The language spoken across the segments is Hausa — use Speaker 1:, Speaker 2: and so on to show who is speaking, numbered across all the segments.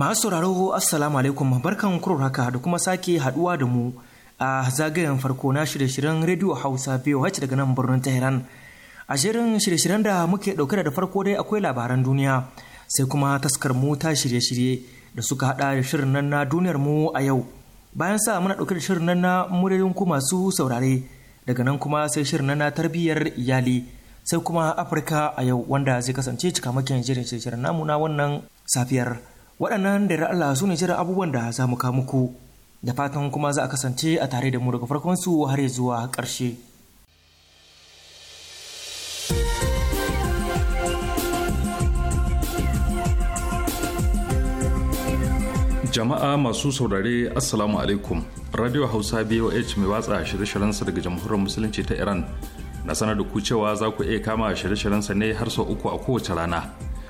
Speaker 1: Masu sauraro Assalamu alaikum barkan kurar haka da kuma sake haduwa da mu a zagayen farko na shirye-shiryen rediyo Hausa VOH daga nan birnin Tehran. A shirin shirye-shiryen da muke dauke da farko dai akwai labaran duniya sai kuma taskar mu ta shirye-shirye da suka hada da shirin nan na duniyar mu a yau. Bayan sa muna dauke da shirin nan na muryoyin ku masu saurare daga nan kuma sai shirin nan na tarbiyyar iyali sai kuma Afirka a yau wanda zai kasance cikamakin shirin shirye-shiryen namu na wannan safiyar. waɗannan da Allah su ne jiran abubuwan da za mu kawo muku da fatan kuma za a kasance a tare da mu daga farkon su har zuwa ƙarshe.
Speaker 2: jama'a masu saurare assalamu alaikum radio hausa boh mai watsa shirye-shiryensa daga jamhuriyar musulunci ta iran na sanar da ku cewa za ku iya kama shirye-shiryensa ne har sau uku a kowace rana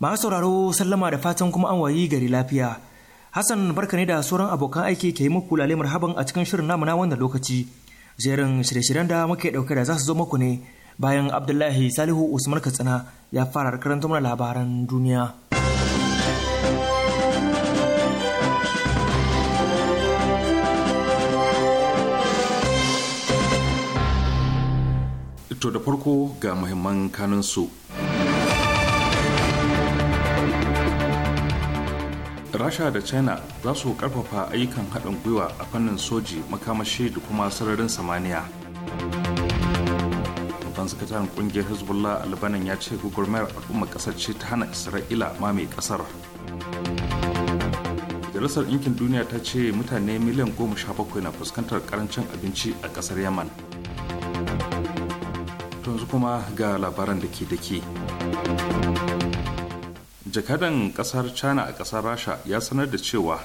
Speaker 1: Masu sauraro sallama da fatan kuma an wayi gari lafiya. Hassan barka ne da sauran abokan aiki ke yi muku lalle marhaban a cikin shirin namu na lokaci. Jerin shirye-shiryen da muke dauke da za su zo muku ne bayan Abdullahi Salihu Usman Katsina ya fara karanta mana labaran duniya.
Speaker 2: To da farko ga muhimman kanunsu. rasha da china za su karfafa ayyukan haɗin gwiwa a fannin soji makamashi da kuma sararin samaniya babban sakataren kungiyar hezbollah albanan ya ce gugurmayar al'umma ƙasar ce ta hana isra'ila mai ƙasar majalisar ɗinkin duniya ta ce mutane miliyan goma sha bakwai na fuskantar karancin abinci a ƙasar yaman yanzu kuma ga labaran da ke da ke jakadan kasar china a kasar rasha ya sanar da cewa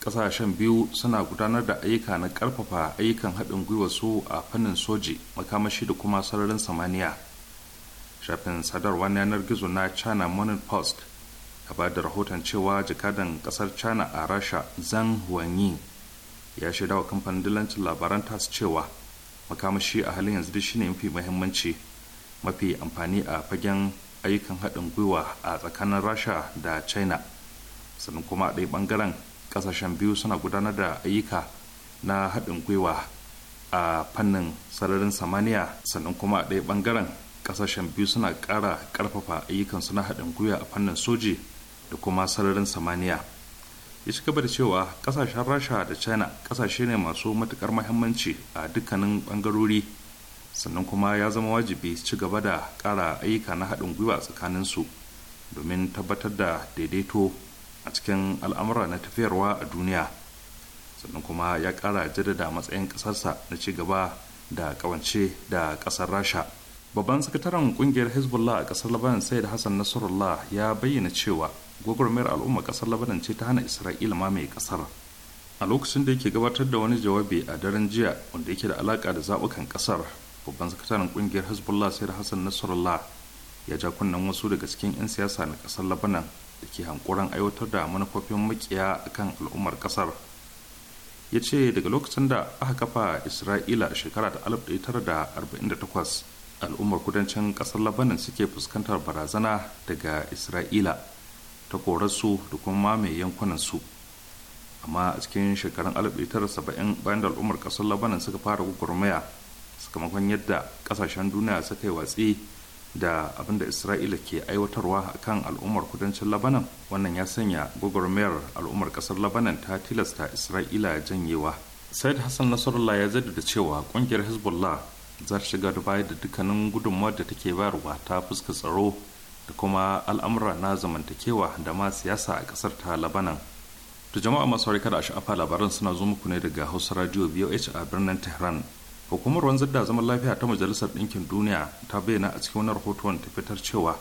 Speaker 2: kasashen biyu suna gudanar da ayyuka na karfafa ayyukan haɗin gwiwa su a fannin soji makamashi da kuma sararin samaniya shafin sadarwar yanar gizo na china morning post ya ba da rahoton cewa jakadan kasar china a rasha zhang huanyi ya shaidawa kamfanin dillancin labaran tas cewa makamashi a halin yanzu shine mafi mahimmanci mafi amfani a fagen ayyukan haɗin gwiwa a tsakanin rasha da china sannan kuma a ɗaya ɓangaren ƙasashen biyu suna gudanar da ayyuka na haɗin gwiwa a fannin sararin samaniya sannan kuma a ɗaya ɓangaren ƙasashen biyu suna ƙara ƙarfafa ayyukansu na haɗin gwiwa a fannin soji da kuma sararin samaniya ya ci gaba da cewa ƙasashen rasha da china ƙasashe ne masu matuƙar muhimmanci a dukkanin ɓangarori sannan kuma ya zama wajibi ci gaba da ƙara ayyuka na haɗin gwiwa tsakanin su domin tabbatar da daidaito a cikin al'amura na tafiyarwa a duniya sannan kuma ya ƙara jaddada matsayin ƙasarsa na ci gaba da ƙawance da ƙasar rasha babban sakataren ƙungiyar hezbollah a ƙasar labanan said hassan nasarullah ya bayyana cewa gwagwarmayar al'umma ƙasar labanan ce ta hana isra'ila ma mai ƙasar a lokacin da yake gabatar da wani jawabi a daren jiya wanda yake da alaƙa da zaɓukan ƙasar babban sakataren kungiyar hezbollah sayar hassan nasarallah ya ja kunnen wasu daga cikin 'yan siyasa na kasar labanan da ke hankuran aiwatar da manufofin makiya kan al'ummar kasar ya ce daga lokacin da aka kafa isra'ila a shekara ta 1948 al'ummar kudancin kasar labanan suke fuskantar barazana daga isra'ila ta korarsu da kuma mamaye yankunan su amma a cikin shekarun 1970 bayan da al'ummar kasar labanan suka fara gugurmaya sakamakon yadda kasashen duniya suka yi watsi da abinda isra'ila ke aiwatarwa a kan al'ummar kudancin labanan wannan ya sanya gwagwarmayar al'ummar kasar labanan ta tilasta isra'ila janyewa said hassan nasarullah ya da cewa kungiyar hezbollah za ta shiga da baya da dukkanin gudunmawar da take bayarwa ta fuska tsaro da kuma al'amura na zamantakewa da ma siyasa a kasar ta labanan to jama'a masu harika da sha'afa labaran suna zo muku ne daga hausa radio voh a birnin tehran hukumar wanzar da zaman lafiya ta majalisar ɗinkin duniya ta bayyana a cikin wani rahoton ta fitar cewa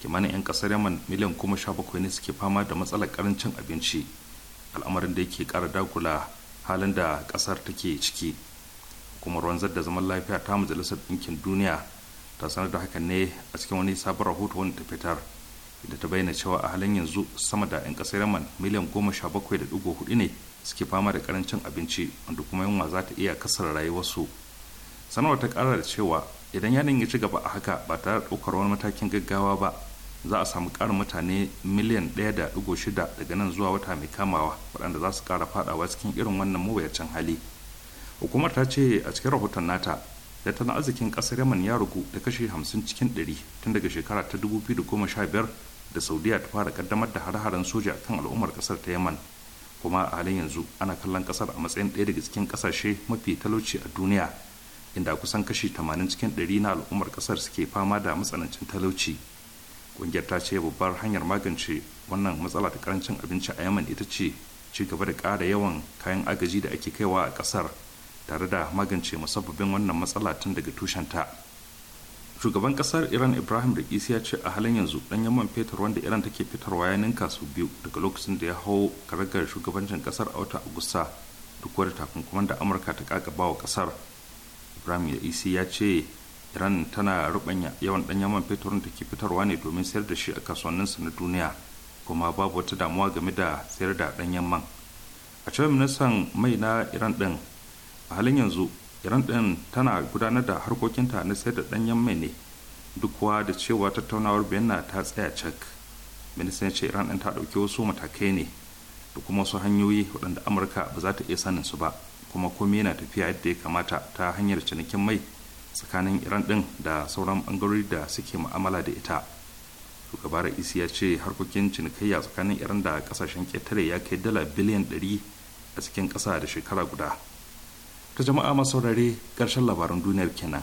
Speaker 2: kimanin 'yan ƙasar yaman miliyan goma sha bakwai ne suke fama da matsalar ƙarancin abinci al'amarin da yake kara dakula halin da kasar take ciki hukumar wanzar da zaman lafiya ta majalisar ɗinkin duniya ta sanar da hakan ne a cikin wani sabon rahoto wanda ta fitar da ta bayyana cewa a halin yanzu sama da 'yan kasar yaman miliyan goma sha bakwai da dugo hudu ne suke fama da karancin abinci wanda kuma yunwa za ta iya kasar rayuwarsu sanarwar ta kara da cewa idan yanin ya ci gaba a haka ba tare da ɗaukar wani matakin gaggawa ba za a samu ƙarin mutane miliyan 1.6 daga nan zuwa wata mai kamawa waɗanda za su ƙara faɗawa cikin irin wannan mawuyacin hali hukumar ta ce a cikin rahoton nata tattalin arzikin ƙasar yaman ya rugu da kashe 50 cikin 100 tun daga shekara ta 2015 da saudiya ta fara kaddamar da hare-haren soja kan al'ummar ƙasar ta yaman kuma a halin yanzu ana kallon kasar a matsayin ɗaya daga cikin kasashe mafi talauci a duniya inda kusan kashi 80 cikin 100 na al'ummar kasar suke fama da matsanancin talauci ƙungiyar ta ce babbar hanyar magance wannan matsala ta karancin abinci a yaman ita ce ci gaba da ƙara yawan kayan agaji da ake kaiwa a kasar tare da magance musabbabin wannan matsala tun daga tushenta. ta shugaban kasar iran ibrahim da ya ce a halin yanzu ɗanyen man fetur wanda iran take fitarwa ya ninka su biyu daga lokacin da ya hau karagar shugabancin kasar a wata agusta duk wadda takunkuman da amurka ta kakaba wa kasar ibrahim da isi ya ce iran tana rubanya yawan ɗanyen man fetur da ke fitarwa ne domin sayar da shi a kasuwanninsa na duniya kuma babu wata damuwa game da sayar da ɗanyen man a cewar ministan mai na iran din a halin yanzu iran ɗin tana gudanar da harkokinta na sayar da ɗanyen mai ne duk kuwa da cewa tattaunawar na ta tsaya cak ministan ce iran ɗin ta ɗauki wasu matakai ne da kuma wasu hanyoyi waɗanda amurka ba za ta iya sanin su ba kuma komai yana tafiya yadda ya kamata ta hanyar cinikin mai tsakanin iran ɗin da sauran ɓangarori da suke mu'amala da ita shugaba isi ya ce harkokin cinikayya tsakanin iran da kasashen ƙetare ya kai dala biliyan 100 a cikin ƙasa da shekara guda ta jama'a masu karshen ƙarshen labaran duniyar kenan.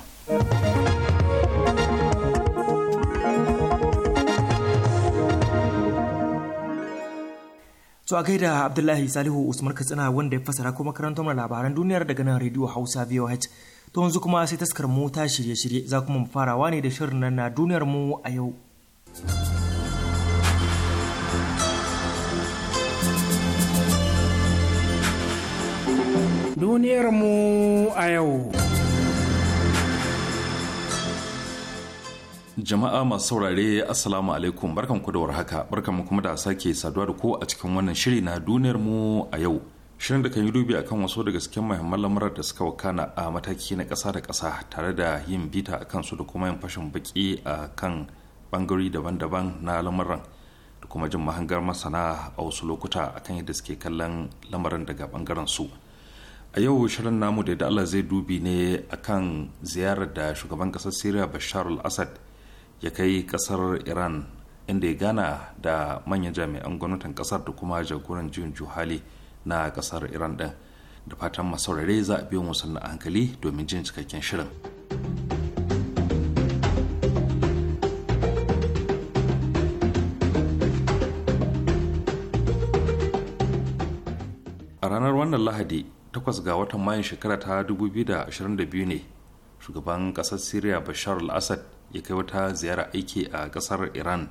Speaker 1: to a gaida Abdullahi Salihu Usman Katsina wanda ya fasara kuma karanta mana labaran duniyar daga nan rediyo Hausa VOH. To yanzu kuma sai taskar mu ta shirye-shirye za kuma mu farawa ne da shirin na duniyar mu a yau.
Speaker 3: duniyar mu a yau.
Speaker 2: Jama'a masu saurare Assalamu alaikum barkanku da warhaka barkanmu kuma da sake saduwa da ku a cikin wannan shiri na duniyarmu a yau. Shirin da kan yi dubi akan wasu daga cikin muhimman lamurar da suka wakana a mataki na ƙasa da kasa tare da yin bita a kansu da kuma yin fashin baki a kan bangarori daban-daban na lamuran da kuma jin mahangar masana a wasu lokuta akan yadda suke kallon lamarin daga bangaren su. a yau shirin namu da Allah zai dubi ne akan ziyarar da shugaban kasar syria bashar al-assad ya kai kasar iran inda ya gana da manyan jami'an gwamnatin kasar da kuma jagoran juyin juhali na kasar iran din da fatan masaurare za a biyo musu na hankali domin jin cikakken shirin a ranar wannan lahadi 8 ga watan mayun shekara ta 2022 ne shugaban kasar syria bashar al-assad ya kai wata ziyara aiki a kasar iran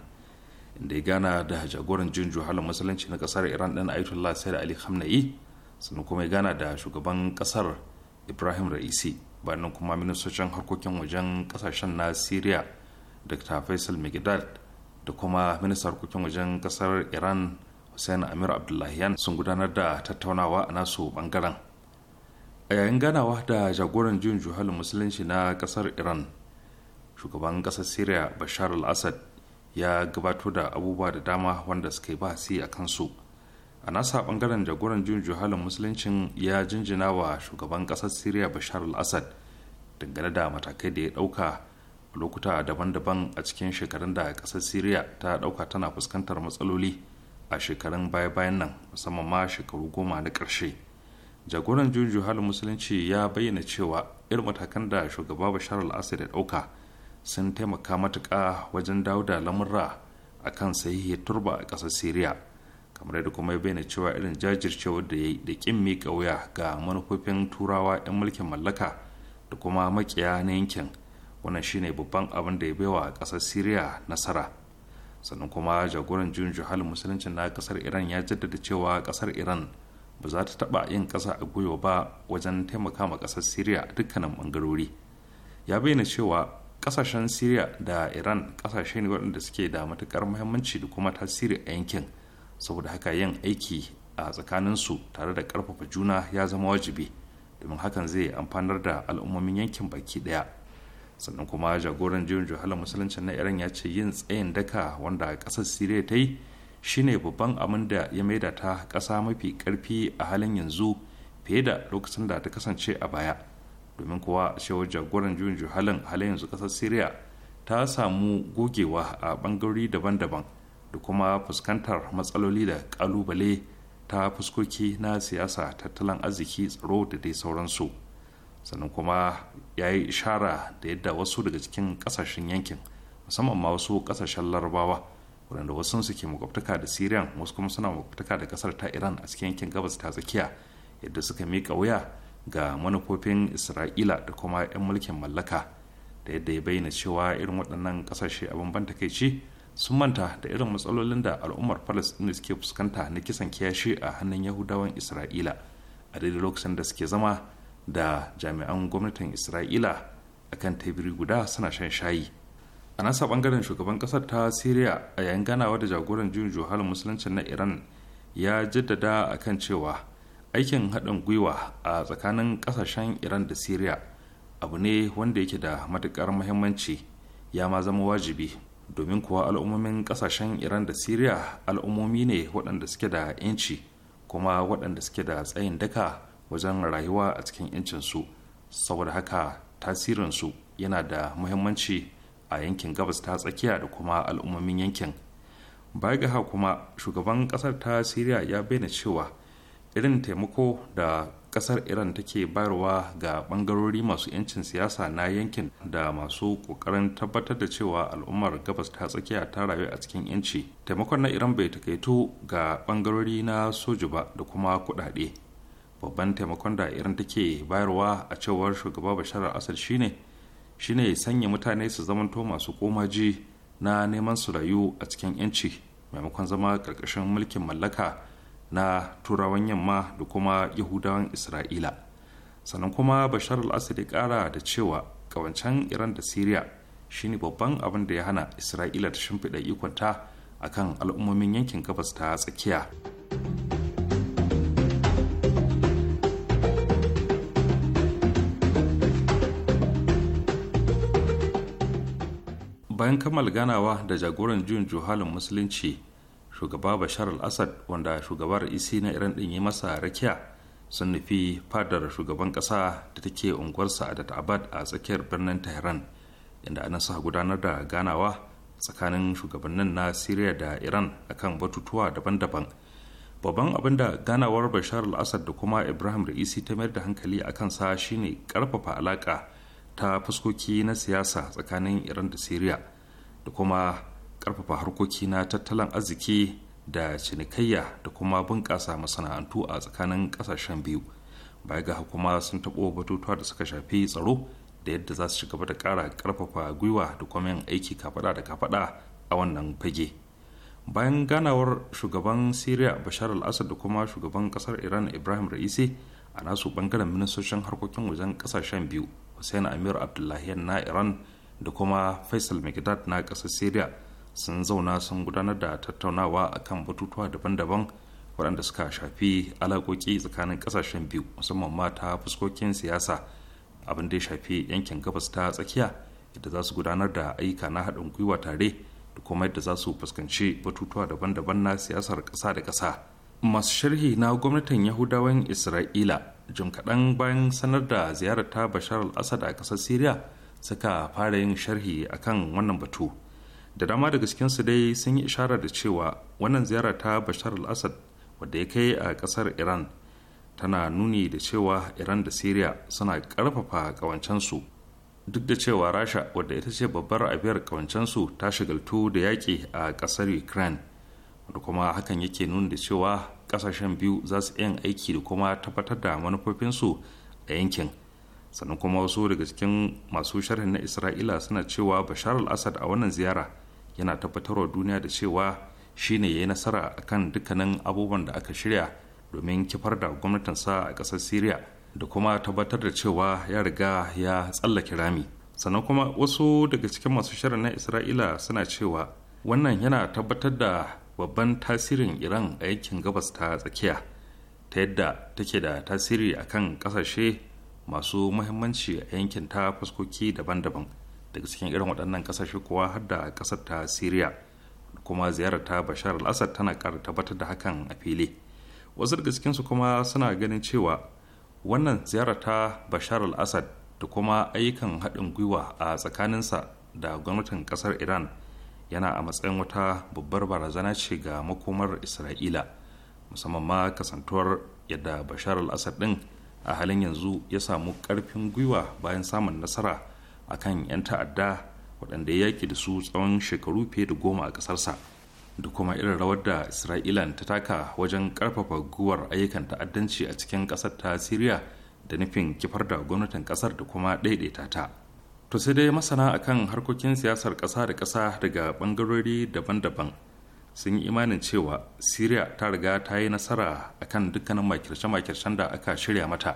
Speaker 2: inda ya gana da jagoran jin juhalin musulunci na kasar iran din ayatollah sayyid ali khamenei sannan kuma ya gana da shugaban kasar ibrahim ra'isi bayan kuma ministocin harkokin wajen kasashen na syria dr faisal megidad da kuma ministan harkokin wajen kasar iran hussein amir abdullahiyan sun gudanar da tattaunawa a nasu bangaren a yayin ganawa da jagoran juyin juhalin musulunci na kasar iran shugaban kasar syria bashar al-assad ya gabato da abubuwa da dama wanda suka yi si a kansu a nasa bangaren jagoran jin juhalin musuluncin ya jinjina wa shugaban kasar syria bashar al-assad dangane da matakai da ya dauka a lokuta daban-daban a cikin shekarun da kasar syria ta dauka tana fuskantar matsaloli a shekarun baya-bayan nan musamman ma shekaru goma na ƙarshe. jagoran juju halin musulunci ya bayyana cewa irin matakan da shugaba bashar al-assad ya dauka sun taimaka matuka wajen dawo da lamurra a kan sahihi turba a ƙasar syria kamar da kuma ya bayyana cewa irin jajircewar da ya yi da ƙin miƙa wuya ga manufofin turawa 'yan mulkin mallaka da kuma makiya na yankin wannan shine babban abin da ya baiwa ƙasar syria nasara sannan kuma jagoran juju halin musulunci na ƙasar iran ya jaddada cewa ƙasar iran ba za ta taɓa yin ƙasa a gwiwa ba wajen taimaka ma ƙasar syria a dukkanin ɓangarori ya bayyana cewa ƙasashen syria da iran ƙasashe ne waɗanda suke da matukar muhimmanci da kuma tasiri a yankin saboda haka yin aiki a tsakaninsu tare da karfafa juna ya zama wajibi domin hakan zai amfanar da al'ummomin yankin baki ɗaya sannan kuma jagoran jiyon juhalar musuluncin na iran ya ce yin tsayin daka wanda ƙasar syria ta yi shine babban abin da ya maida ta ƙasa mafi ƙarfi a halin yanzu fiye da lokacin da ta kasance a baya domin kuwa cewar jagoran juyin juhalin halin yanzu ƙasar syria ta samu gogewa a ɓangarori daban-daban da kuma fuskantar matsaloli da ƙalubale ta fuskoki na siyasa tattalin arziki tsaro da dai sauransu sannan kuma ya yi ishara da yadda wasu daga cikin ƙasashen yankin musamman ma wasu ƙasashen larabawa waɗanda wasu su makwabtaka da syrian wasu kuma suna makwabtaka da kasar ta iran a cikin yankin gabas ta tsakiya yadda suka miƙa wuya ga manufofin isra'ila da kuma 'yan mulkin mallaka da yadda ya bayyana cewa irin waɗannan ƙasashe abin ban takaici sun manta da irin matsalolin da al'ummar palestina suke fuskanta na kisan kiyashi a hannun yahudawan isra'ila a daidai lokacin da suke zama da jami'an gwamnatin isra'ila akan tebiri guda suna shan shayi a nasa bangaren shugaban kasar ta syria a yayin ganawa da jagoran juyin juhalin musulunci na iran ya jaddada a kan cewa aikin haɗin gwiwa a tsakanin ƙasashen iran da syria abu ne wanda yake da matuƙar muhimmanci ya ma zama wajibi domin kuwa al'ummomin ƙasashen iran da syria al'ummomi ne waɗanda suke da 'yanci kuma waɗanda suke da tsayin daka wajen rayuwa a cikin 'yancinsu saboda haka tasirinsu yana da muhimmanci a yankin gabas ta tsakiya da kuma al'ummomin yankin baya ga kuma shugaban kasar ta siriya ya bayyana cewa irin taimako da kasar iran take bayarwa ga bangarori masu 'yancin siyasa na yankin da masu kokarin tabbatar da cewa al'ummar gabas ta tsakiya ta rayu a cikin 'yanci taimakon na iran bai takaitu ga bangarori na soji ba da kuma kudade babban taimakon da iran take bayarwa a cewar shugaba bashar al-assad shine shine sanya mutane su zamanto masu komaji na neman su rayu a cikin 'yanci maimakon zama ƙarƙashin mulkin mallaka na turawan yamma da kuma yahudawan isra'ila sannan kuma bashar al-assad ya ƙara da cewa ƙawancen iran da syria shine babban abin da ya hana isra'ila ta shimfiɗa ikonta akan al'ummomin yankin gabas ta tsakiya bayan kammala ganawa da jagoran juyin juhalin musulunci shugaba bashar al-assad wanda shugabar isi e na iran din yi masa rakiya sun nufi fadar shugaban kasa da take unguwar sa'adat abad a tsakiyar birnin tehran inda anan suka gudanar da ganawa tsakanin shugabannin na syria da iran akan batutuwa daban-daban babban abin da ganawar bashar al-assad da kuma ibrahim ra'isi ta mayar da hankali a kansa shine karfafa alaka ta fuskoki na siyasa tsakanin iran da syria da kuma karfafa harkoki na tattalin arziki da cinikayya da kuma bunƙasa masana'antu a tsakanin ƙasashen biyu baya ga kuma sun taɓo batutuwa da suka shafi tsaro da yadda za su ci gaba da ƙara ƙarfafa gwiwa da kuma yin aiki kafaɗa da kafaɗa a wannan fage bayan ganawar shugaban syria bashar al-assad da kuma shugaban ƙasar iran ibrahim ra'isi a nasu ɓangaren ministocin harkokin wajen ƙasashen biyu hussein amir abdullahi na iran da kuma faisal megdad na ƙasar syria sun zauna sun gudanar da tattaunawa a kan batutuwa daban-daban waɗanda suka shafi alaƙoƙi tsakanin ƙasashen biyu musamman mata fuskokin siyasa abin da ya shafi yankin gabas ta tsakiya yadda za su gudanar da ayyuka na haɗin gwiwa tare da kuma yadda za su fuskanci batutuwa daban-daban na siyasar ƙasa da ƙasa masu sharhi na gwamnatin yahudawan isra'ila jim kaɗan bayan sanar da ziyarar ta bashar al-assad a ƙasar syria suka fara yin sharhi a kan wannan batu da dama daga cikinsu dai sun yi ishara da cewa wannan ziyara ta bashar al-assad wadda ya kai a kasar iran tana nuni da cewa iran da syria suna karfafa kawancensu duk da cewa rasha wadda ita ce babbar abiyar kawancensu ta shigaltu da yaƙi a ƙasar ukraine wadda kuma hakan yake nuni da cewa ƙasashen biyu za su yin aiki da kuma tabbatar da manufofinsu a yankin sannan kuma wasu daga cikin masu sharhin na isra'ila suna cewa bashar al-assad a wannan ziyara yana tabbatarwa duniya da cewa shine ya yi nasara akan dukkanin abubuwan da aka shirya domin kifar da gwamnatinsa a ƙasar syria da kuma tabbatar da cewa ya riga ya tsallake rami sannan kuma wasu daga cikin masu shirin na isra'ila suna cewa wannan yana tabbatar da babban tasirin iran a yankin gabas ta tsakiya ta yadda take da tasiri akan kasashe masu muhimmanci a yankin ta fuskoki daban-daban daga cikin irin waɗannan ƙasashe kuwa har da ƙasar ta syria kuma ziyarar ta bashar al-assad tana ƙara tabbatar da hakan a fili wasu daga cikinsu kuma suna ganin cewa wannan ziyarar ta bashar al-assad da kuma ayyukan haɗin gwiwa a tsakaninsa da gwamnatin ƙasar iran yana a matsayin wata babbar barazana ce ga makomar isra'ila musamman ma kasantuwar yadda bashar al-assad ɗin a halin yanzu ya samu ƙarfin gwiwa bayan samun nasara a kan 'yan ta'adda waɗanda ya yaƙi da su tsawon shekaru fiye da goma a ƙasarsa da kuma irin rawar da isra'ila ta taka wajen ƙarfafa guwar ayyukan ta'addanci a cikin ƙasar ta siriya da nufin kifar da gwamnatin ƙasar da kuma ɗaiɗaita ta to sai dai masana akan harkokin siyasar ƙasa da ƙasa daga ɓangarori daban-daban sun yi imanin cewa syria ta riga ta yi nasara a kan dukkanin makirce-makircen da aka shirya mata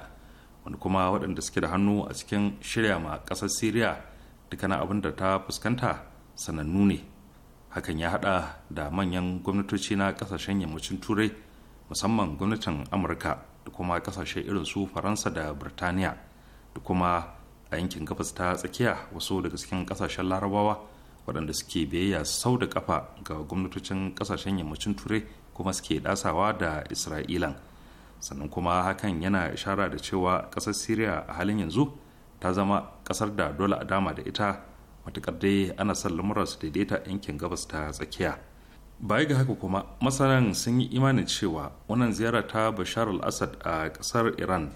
Speaker 2: wani kuma waɗanda suke da hannu a cikin shirya ma ƙasar syria dukkanin abin da ta fuskanta sanannu ne hakan ya haɗa da manyan gwamnatoci na ƙasashen yammacin turai musamman gwamnatin amurka da kuma ƙasashe irin su faransa da birtaniya da kuma a yankin gabas ta tsakiya wasu daga cikin ƙasashen larabawa waɗanda suke biyayya sau da kafa ga gwamnatocin ƙasashen yammacin turai kuma suke dasawa da isra'ilan sannan kuma hakan yana ishara da cewa ƙasar syria a halin yanzu ta zama ƙasar da dole a dama da ita matuƙar dai ana son lamura su daidaita yankin gabas ta tsakiya baya ga haka kuma masanan sun yi imanin cewa wannan ziyara ta bashar al-assad a ƙasar iran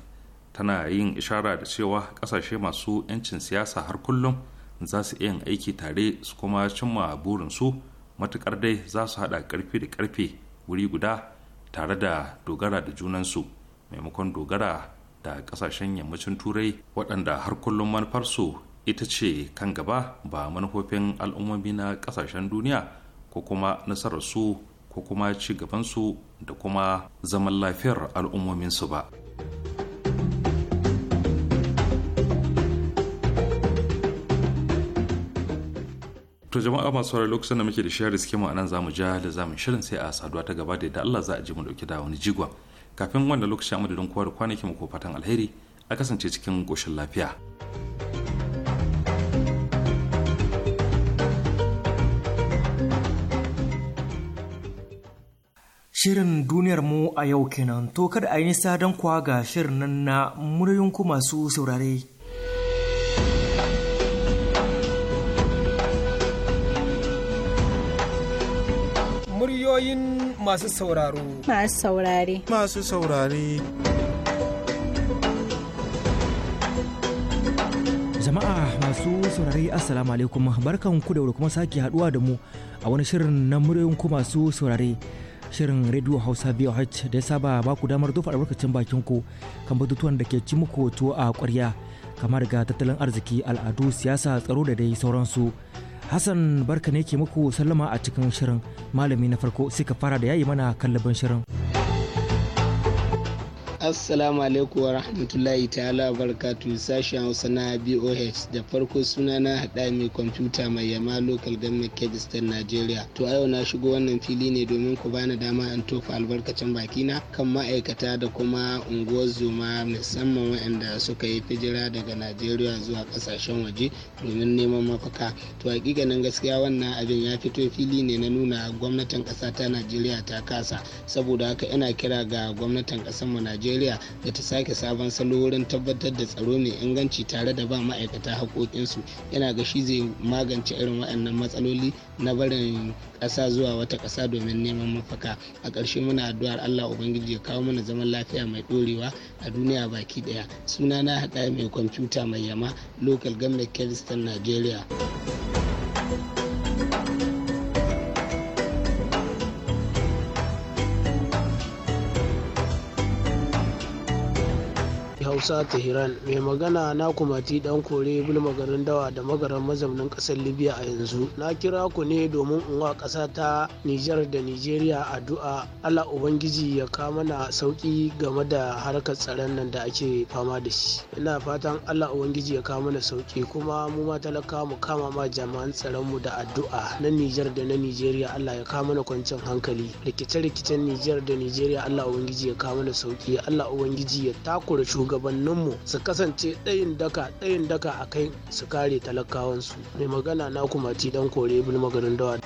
Speaker 2: tana yin ishara da cewa ƙasashe masu 'yancin siyasa har kullum za su iya yin aiki tare su kuma cimma burinsu matukar dai za su haɗa ƙarfi da karfe wuri guda tare da dogara da junansu maimakon dogara da ƙasashen yammacin turai waɗanda har kullum manufarsu ita ce kan gaba ba manufofin al'ummomi na ƙasashen duniya ko kuma nasararsu ko kuma ci gabansu da kuma zaman lafiyar al'ummominsu ba. to jama'a masu saurari lokacin da muke da shirin riske mu anan zamu ja da zamu shirin sai a saduwa ta gaba da Allah za a ji mu dauki da wani jigwa, kafin wannan lokacin da don da kwanaki mu ko fatan alheri a kasance cikin goshin lafiya.
Speaker 1: Shirin duniyar mu a yau kenan to kada a yi nisa don kuwa ga shirin nan na muryunku masu saurare.
Speaker 4: ra'ayoyin masu
Speaker 5: sauraro. Masu saurare. Masu saurare.
Speaker 1: Jama'a masu saurare Assalamu alaikum barkan ku da kuma sake haduwa da mu a wani shirin na muryoyin ku masu saurare. Shirin Radio Hausa VOH da ya saba ba ku damar dofa albarkacin bakin ku kan batutuwan da ke ci muku tuwo a kwarya kamar ga tattalin arziki al'adu siyasa tsaro da dai sauransu. Hassan barka ne ke muku sallama a cikin shirin malami na farko sai ka fara da yayi mana kallaban shirin.
Speaker 6: assalamu alaikum wa rahmatullahi ta'ala wa barakatu sashen hausa na boh da farko suna na haɗa mai kwamfuta mai yama local government kebistan nigeria to a yau na shigo wannan fili ne domin ku bani dama in tofa albarkacin bakina kan ma'aikata da kuma unguwar zoma musamman waɗanda suka yi fijira daga nigeria zuwa ƙasashen waje domin neman mafaka to haƙiƙanin gaskiya wannan abin ya fito fili ne na nuna gwamnatin ƙasa ta nigeria ta kasa saboda haka ina kira ga gwamnatin ƙasarmu nigeria najeriya da ta sake sabon salo wurin tabbatar da tsaro mai inganci tare da ba ma'aikata haƙoƙinsu yana ga shi zai magance irin waɗannan matsaloli na barin ƙasa zuwa wata ƙasa domin neman mafaka a ƙarshe muna addu'ar allah ubangiji ya kawo mana zaman lafiya mai ɗorewa a duniya baki ɗaya suna na haɗa mai kwamfuta mai yama local government kiristan najeriya hausa tehran mai magana na kumati dan kore bulma garin dawa da magaran mazaunin kasar libya a yanzu na kira ku ne domin in wa kasa ta nijar da nigeria addu'a allah ubangiji ya kama mana sauki game da harkar tsaron nan da ake fama da shi ina fatan allah ubangiji ya kama mana sauki kuma mu ma talaka mu kama ma jami'an tsaron mu da addu'a na nijar da na nigeria allah ya kama mana kwancin hankali rikice-rikicen nijar da nigeria allah ubangiji ya kama mana sauki allah ubangiji ya takura shugaban shugabanninmu su kasance ɗayin daka ɗayin daka a kai su kare talakawansu mai magana na kuma ti dan kore bulmagarin dawa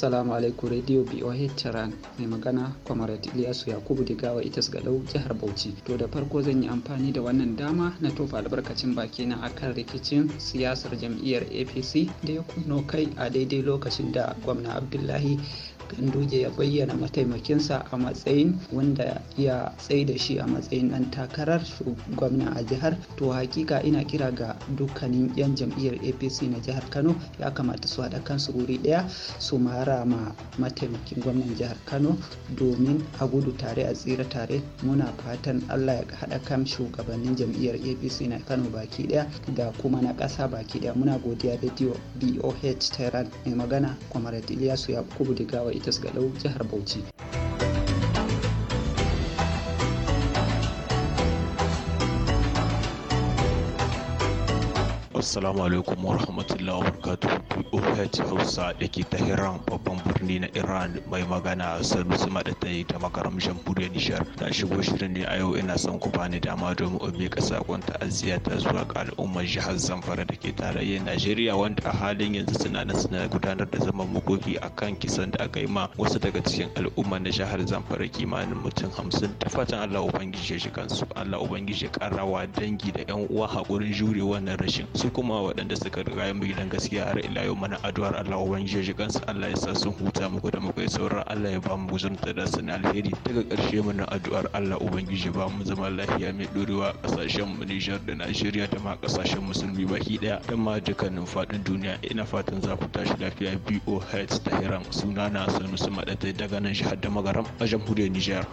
Speaker 4: Assalamu alaikum Radio BOH Charan mai magana Comrade Ilyasu Yakubu ita Itas Galau jihar Bauchi. To da farko zan yi amfani da wannan dama na tofa albarkacin baki na akan rikicin siyasar jam'iyyar APC da ya kuno kai a daidai lokacin da gwamna Abdullahi Ganduje ya bayyana mataimakinsa a matsayin wanda ya tsaye da shi a matsayin ɗan takarar gwamna a jihar to hakika ina kira ga dukkanin 'yan jam'iyyar apc na jihar kano ya kamata su haɗa kansu wuri ɗaya su mara ma mataimakin gwamnan jihar kano domin a gudu tare a tsira tare muna fatan allah ya haɗa kan shugabannin jam'iyyar apc na kano baki ɗaya da kuma na ƙasa baki ɗaya muna godiya rediyo boh tehran mai magana kwamar iliyasu da gawa. Hawa Itas jihar Bauchi.
Speaker 7: Assalamu alaikum wa rahmatullahi wa Hausa da ke hiran babban birni na Iran mai magana Sanusi da ta yi makaram buɗe nishar Ta shigo shirin ne a yau ina son ku bani dama domin in miƙa sakon ta'aziyya ta zuwa ga al'ummar jihar Zamfara da ke tarayyar Najeriya wanda a halin yanzu suna nan suna gudanar da zaman makoki kan kisan da aka yi ma wasu daga cikin al'umma na jihar Zamfara kimanin mutum hamsin ta fatan Allah Ubangiji ya Allah Ubangiji ya karawa dangi da 'yan uwa haƙurin jure wannan rashin su kuma waɗanda suka riga mu gidan gaskiya har ila yau mana addu'ar Allah ubangiji ji kansu Allah ya sa sun huta muku da muka yi Allah ya ba mu guzun da sana alheri daga ƙarshe mana addu'ar Allah ubangiji ba mu zama lafiya mai dorewa kasashen mu Niger da Najeriya da ma kasashen musulmi baki daya da ma dukkanin faɗin duniya ina fatan za ku tashi lafiya BO Heads Tahiran sunana Sanusi Madate daga nan shahar da magaram a jamhuriyar Niger.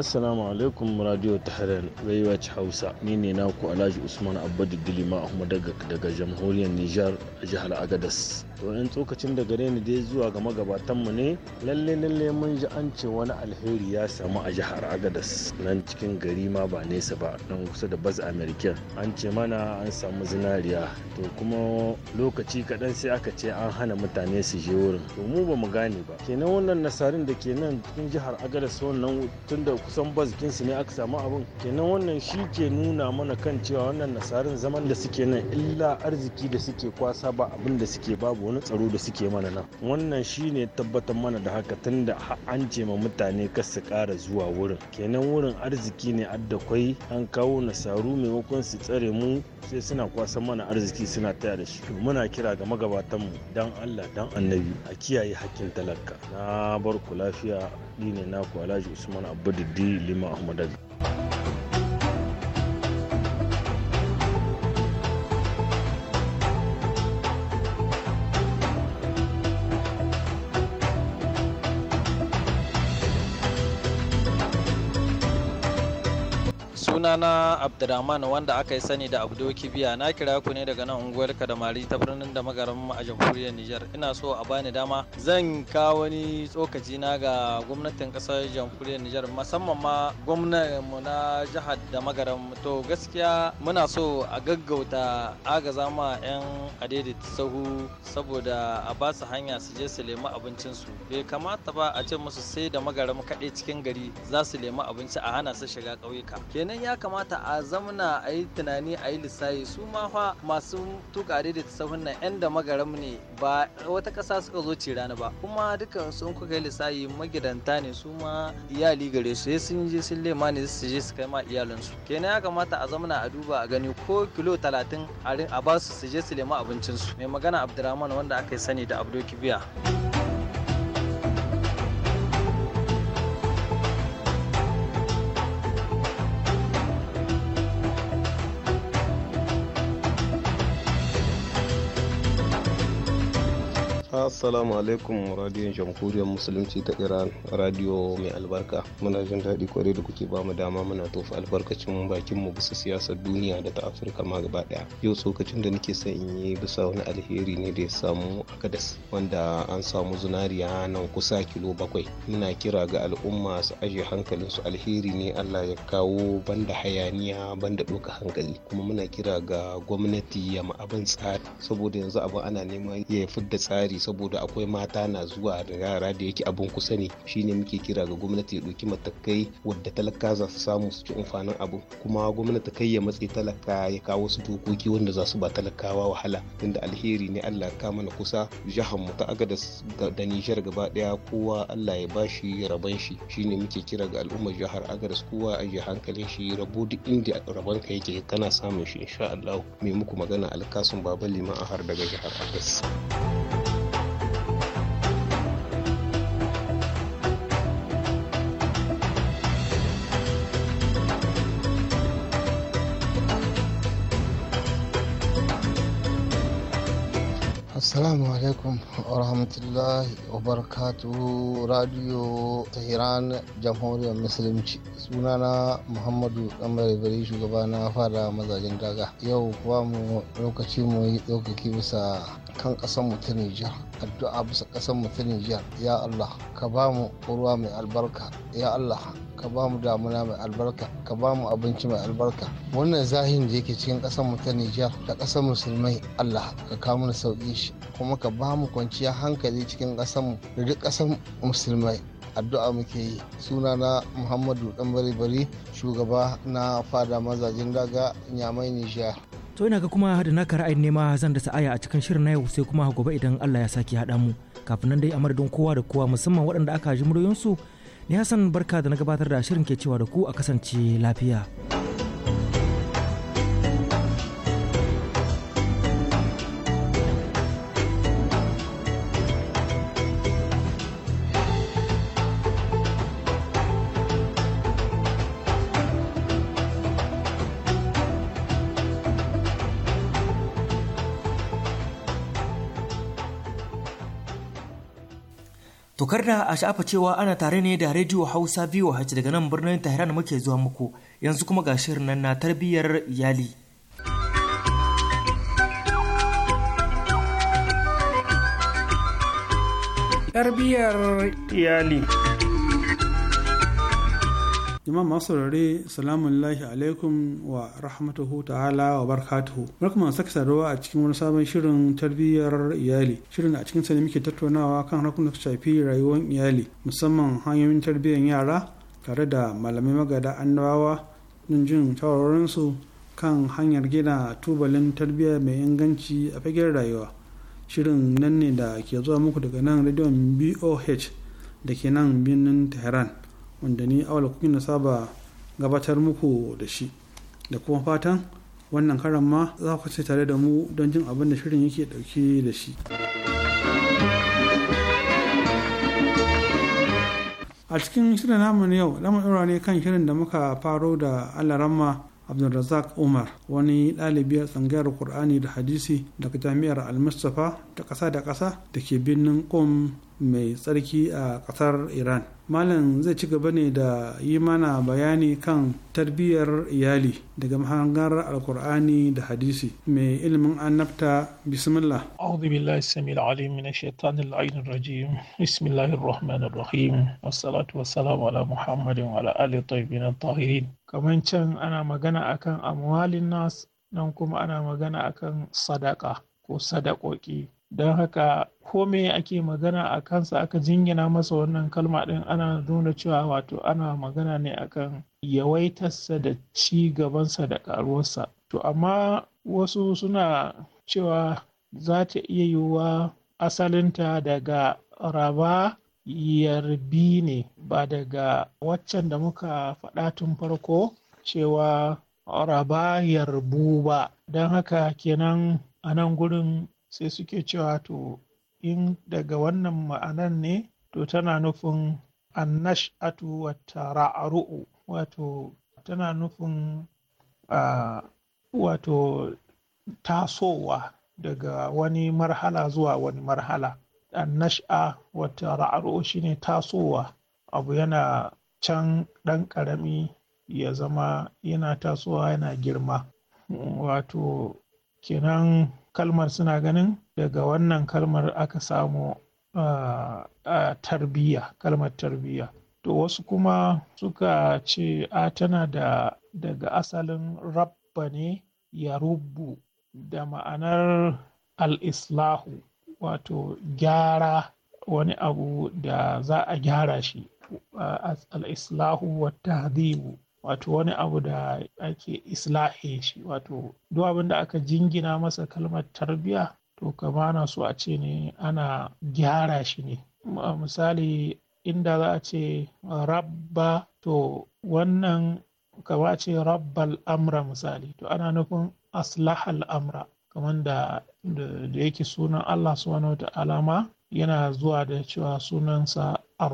Speaker 8: assalamu alaikum radio tahiran rayuwaci hausa ni ne ku alhaji usman abadu dilima ahmad daga jamhuriyar nijar jihar agadas to yan tsokacin da gare ni dai zuwa ga magabatanmu ne lalle lalle mun ji an ce wani alheri ya samu a jihar agadas nan cikin gari ma ba nesa ba nan kusa da bas american an ce mana an samu zinariya to kuma lokaci kaɗan sai aka ce an hana mutane su je wurin to mu ba mu gane ba kenan wannan nasarin da ke nan cikin jihar agadas wannan tun da kusan su ne aka samu abin kenan wannan shi ke nuna mana kan cewa wannan nasarin zaman da suke nan illa arziki da suke kwasa ba abin da suke babu wani tsaro da suke mana nan wannan shi ne tabbatar mana da haka tunda an ce ma mutane kas su kara zuwa wurin kenan wurin arziki ne kwai? an kawo nasaru maimakon su tsare mu sai suna kwasa mana arziki suna taya da shi muna kira ga mu dan allah dan annabi a kiyaye hakkin talaka na barku lafiya ni ne ku alhaji usman abdul bi lima ahmad
Speaker 9: sunana Abdulrahman wanda aka yi sani da abdoki biya na kira ku ne daga nan unguwar kadamari ta birnin da magaram a jamhuriyar niger ina so a bani dama zan kawo wani tsokaci na ga gwamnatin kasar jamhuriyar niger musamman ma gwamnatinmu na jihar da magaram to gaskiya muna so a gaggauta agaza ma yan adaidaita sahu saboda a ba su hanya su je su lemi abincin su bai kamata ba a ce musu sai da magaram kaɗai cikin gari za su lemi abinci a hana su shiga ƙauyuka kenan ya kamata a zamana a yi tunani a yi lissayi su ma fa masu tukare da sahun nan yan da magaram ne ba wata kasa suka zo ci rana ba kuma dukkan su in kuka yi lissayi magidanta ne su ma iyali gare su sai sun je sun lema ne su je su kai ma iyalinsu kenan ya kamata a zamana a duba a gani ko kilo talatin a ba su su je su lema abincinsu mai magana abdurrahman wanda aka yi sani da abdul kibiya.
Speaker 10: assalamu alaikum radiyon jamhuriyar musulunci ta iran radiyo mai albarka muna jin daɗi kwarai da kuke bamu dama muna tofa albarkacin bakin mu bisa siyasar duniya da ta afirka ma gaba ɗaya yau tsokacin da nake son in yi bisa wani alheri ne da ya samu akadas, wanda an samu zinariya nan kusa kilo bakwai muna kira ga al'umma su aje hankalin su alheri ne allah ya kawo banda hayaniya banda ɗauka hankali kuma muna kira ga gwamnati ya ma abin tsari saboda yanzu abin ana neman ya fidda tsari saboda saboda akwai mata na zuwa da yara da yake abun kusa ne shine muke kira ga gwamnati ya ɗauki matakai wadda talaka za su samu su ci amfanin abu kuma gwamnati kai ya matse talaka ya kawo su dokoki wanda za su ba talakawa wahala tunda alheri ne Allah ka mana kusa jihar mu ta agadas da Nijar gaba daya kowa Allah ya bashi rabon shi shine muke kira ga al'ummar jihar agadas kowa a hankalin shi rabo duk inda raban ka yake kana samun shi insha Allah mai muku magana alkasun baba liman har daga jihar agadas.
Speaker 6: Assalamu alaikum wa rahmatullahi wa barakatuhu Radio Tehran Jamhuriyar Musulunci. Sunana Muhammadu Ɗanbare Bari shugaba na fara mazajen daga. Yau kuwa mu lokaci mu yi bisa kan ƙasar mu ta Nijar. addu'a bisa ƙasar mutum ta ya Allah ka ba mu ruwa mai albarka ya Allah ka ba mu damuna mai albarka ka ba mu abinci mai albarka wannan zahin da yake cikin ƙasar mutum ta Nijar da ƙasar musulmai Allah ka kawo mana sauƙi shi kuma ka ba mu kwanciyar hankali cikin ƙasar mu da duk ƙasar musulmai addu'a muke yi suna na muhammadu ɗan bari shugaba na fada mazajen daga nyamai nijar
Speaker 1: to ina ga kuma da naka ra'ayin nema zan da sa'aya a cikin shirin na yau sai kuma gobe idan Allah ya saki haɗa mu kafin nan dai a madadin kowa da kowa musamman waɗanda aka ji muryoyinsu ni Hassan barka da na gabatar da shirin ke cewa da ku a kasance lafiya. Tokar da a sha'afa cewa ana tare ne da rediyo Hausa VOH daga nan birnin Tehran muke zuwa muku yanzu kuma ga shirin nan na tarbiyyar iyali. Tarbiyyar
Speaker 3: iyali. jama'a masu saurare salamun lahi alaikum wa rahmatuhu ta'ala wa barakatuhu barkamu da sake saduwa a cikin wani sabon shirin tarbiyyar iyali shirin a cikin sani muke tattaunawa kan harkokin da shafi rayuwar iyali musamman hanyoyin tarbiyyar yara tare da malamai magada annabawa don jin tawarorinsu kan hanyar gina tubalin tarbiyya mai inganci a fagen rayuwa shirin nan ne da ke zuwa muku daga nan rediyon boh da ke nan birnin tehran wanda ni awal kukin na saba gabatar muku da shi da kuma fatan wannan karan ma za ku ce tare da mu don jin abin da shirin yake dauke da shi a cikin shirin namu yau lamar ɗora ne kan shirin da muka faro da allah ramma abdulrazak umar wani ɗalibi a tsangayar kur'ani da hadisi daga jami'ar almustapha ta ƙasa da ƙasa da ke birnin kom mai tsarki a ƙasar iran malam zai ci gaba ne da yi mana bayani kan tarbiyyar iyali daga mahangar alkur'ani da hadisi mai ilimin annabta bismillah
Speaker 11: a'udhu billahi samil alim min shaitanil ainir rajim bismillahir rahmanir rahim wassalatu wassalamu ala muhammadin wa ala alihi tayyibin tahirin kaman can ana magana akan amwalin nas nan kuma ana magana akan sadaka ko sadakoki don haka kome ake magana a kansa aka jingina masa wannan kalma ɗin ana nuna cewa wato ana magana ne akan yawaitarsa da ci gabansa da karuwarsa, to amma wasu suna cewa za ta iya yiwuwa asalinta daga raba yarbi ne ba daga waccan da muka faɗa tun farko cewa raba yarbu ba don haka kenan a nan gurin sai suke cewa to in daga wannan ma'anan ne to tana nufin annash'atu wata ra'aru'u wato tana nufin wato tasowa daga wani marhala zuwa wani marhala annash'a wata ra'aru'u shine tasowa abu yana can ɗan ƙarami ya zama yana tasowa yana girma wato kenan kalmar suna ganin daga wannan kalmar aka samu a tarbiya tarbiyya kalmar tarbiyya to wasu kuma suka ce a tana da daga asalin rabba ne ya rubu da ma'anar al'islahu wato gyara wani abu da za a gyara shi al al'islahu wa tahdibu wato wani abu da ake islahi shi wato duk abin da aka jingina masa kalmar tarbiya to kama na so a ce ne ana gyara shi ne misali inda za a ce rabba to wannan kama a ce rabbal amra misali to ana nufin aslahal amra kamar da da yake sunan Allah subhanahu wata ma yana zuwa da cewa sunansa ar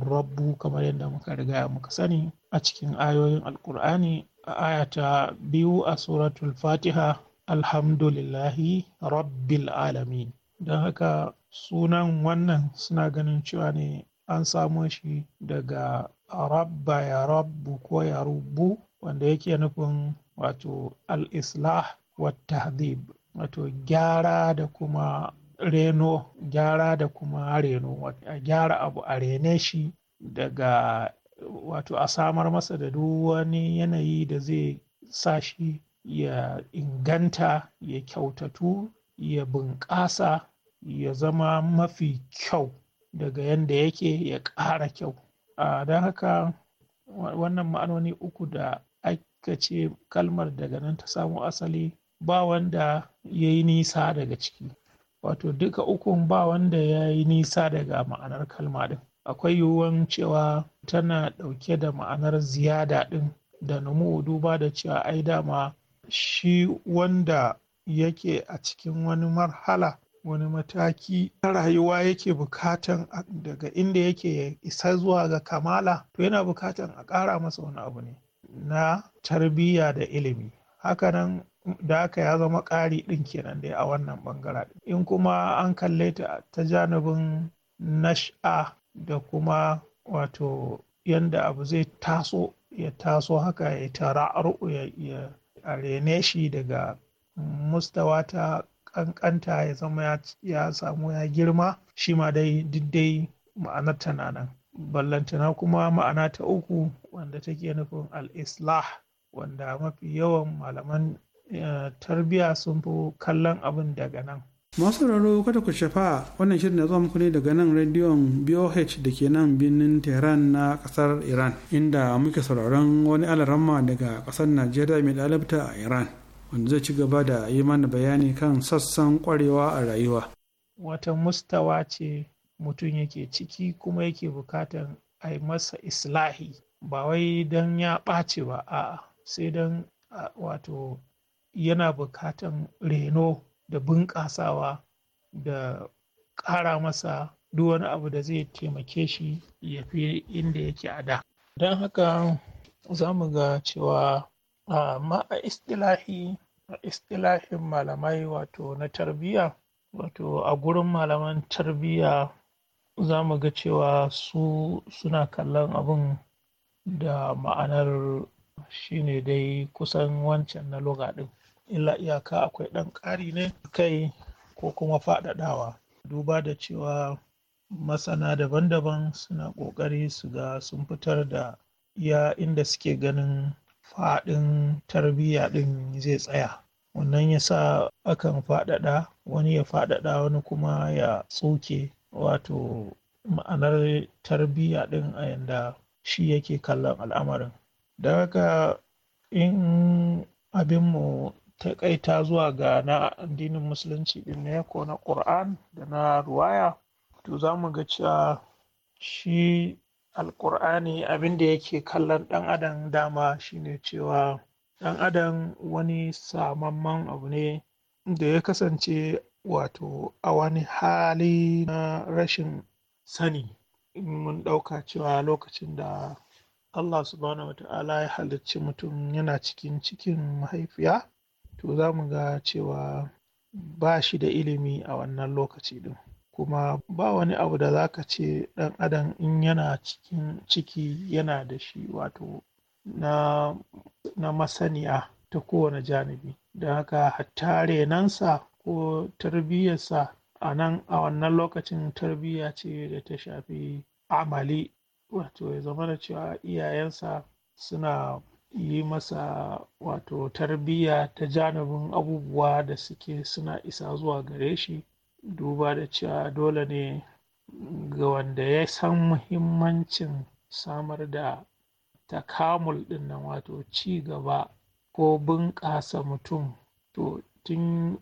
Speaker 11: kamar yadda muka riga muka sani a cikin ayoyin Alƙur'ani a ayata biyu a suratul Fatiha Alhamdulillahi Rabbil alami. Don haka sunan wannan suna ganin cewa ne an samo shi daga Rabba ya Rabbu ko ya rubu, wanda yake nufin wato al-islah wa tahdib", wato gyara da kuma reno gyara da kuma reno a gyara abu a rene shi daga wato a samar masa da duk wani yanayi da zai sa shi ya inganta ya kyautatu ya bunƙasa ya zama mafi kyau daga yadda yake ya ƙara kyau a don haka wannan ma'anoni uku da aka ce kalmar daga nan ta samo asali ba wanda ya yi nisa daga ciki wato duka ukun ba wanda ya yi nisa daga ma'anar kalma din akwai yiwuwan cewa tana ɗauke da ma'anar ziyada din da numu duba da cewa ai dama shi wanda yake a cikin wani marhala wani mataki na rayuwa yake bukatan daga inda yake isa zuwa ga kamala to yana bukatan a ƙara masa wani abu ne na tarbiyya da ilimi hakanan da haka ya zama ƙari ɗin kenan dai a wannan ɓangaren in kuma an kalle ta ta janibin nash'a da kuma wato yadda abu zai taso ya taso haka ya tara'ar ya rene shi daga mustawa ta ƙanƙanta ya zama ya samu ya girma shi ma dai diddai ma'anar ta nan ballantana kuma ma'ana ta uku wanda take nufin al-islah wanda mafi yawan malaman Eh, tarbiyya sun fi kallon abin daga nan.
Speaker 3: masu raro kada ku shafa wannan shirin da zuwa muku ne daga nan rediyon boh da ke nan birnin tehran na kasar iran inda muke sauraron wani alarama daga kasar najeriya mai dalibta a iran wanda zai ci gaba da yi mana bayani kan sassan kwarewa a rayuwa
Speaker 11: wata mustawa ce mutum yake ciki kuma yake bukatan a yi masa islahi ba wai don ya ɓace ba a'a sai don wato yana bukatan reno da bunƙasawa da ƙara masa duk wani abu da zai taimake shi ya fi inda yake a da don haka za mu ga cewa amma a istilahi istilahin malamai wato na tarbiyya wato a gurin malaman tarbiyya za mu ga cewa su suna kallon abin da ma'anar shine dai kusan wancan na loga ɗin illa iyaka akwai ɗan ƙari ne kai ko kuma faɗaɗawa duba da cewa masana daban-daban suna ƙoƙari su ga sun fitar da iya inda suke ganin faɗin tarbiyya ɗin zai tsaya wannan ya sa akan faɗaɗa wani ya faɗaɗa wani kuma ya tsoke wato ma'anar tarbiyya ɗin a yanda shi yake kallon al'amarin da haka in abinmu taƙaita zuwa ga na addinin musulunci din ne ko na ƙur'an da na ruwaya to za mu ga cewa shi alƙur'ani abin da yake kallon ɗan adam dama shine cewa ɗan adam wani samamman abu ne da ya kasance wato a wani hali na rashin sani In mun ɗauka cewa lokacin da Allah subhanahu wata'ala ya halicci mutum yana cikin cikin mahaifiya to za mu ga cewa ba shi da ilimi a wannan lokaci ɗin? kuma ba wani abu da za ka ce ɗan adam in yana cikin ciki yana da shi wato na, masaniya ta kowane janibi da haka hatta renansa ko tarbiyyarsa a nan a wannan lokacin tarbiyya ce da ta shafi amali wato ya zama da cewa iyayensa suna yi masa wato tarbiyya ta janibin abubuwa da suke suna isa zuwa gare shi duba da cewa dole ne ga wanda ya san muhimmancin samar da takamul dinnan wato ci gaba ko bunƙasa mutum to tun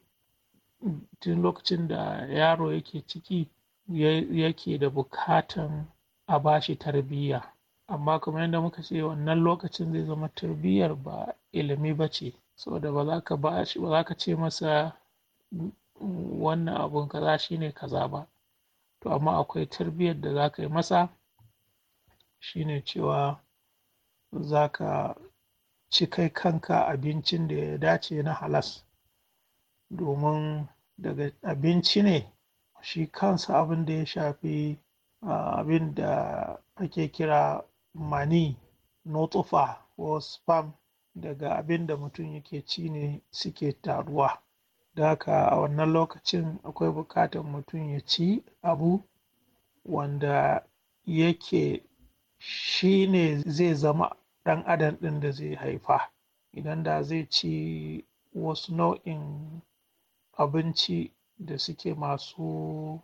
Speaker 11: tun lokacin da yaro yake ciki yake da bukatan a bashi tarbiyya amma kamar yadda muka ce wannan lokacin zai zama tarbiyyar ba ilimi ba ce saboda ba za ka ba za ka ce masa wannan abun kaza shine kaza ba to amma akwai tarbiyyar da za ka yi masa shine cewa za ka ci kai kanka abincin da ya dace na halas domin daga abinci ne shi kansa abin da ya shafi ah, abin da ake kira mani tsufa ko spam daga abin da mutum yake ci ne suke taruwa da haka a wannan lokacin akwai bukatar mutum ya ci abu wanda yake shi ne zai zama ɗan adam ɗin da zai haifa idan da zai ci wasu nau'in abinci da suke masu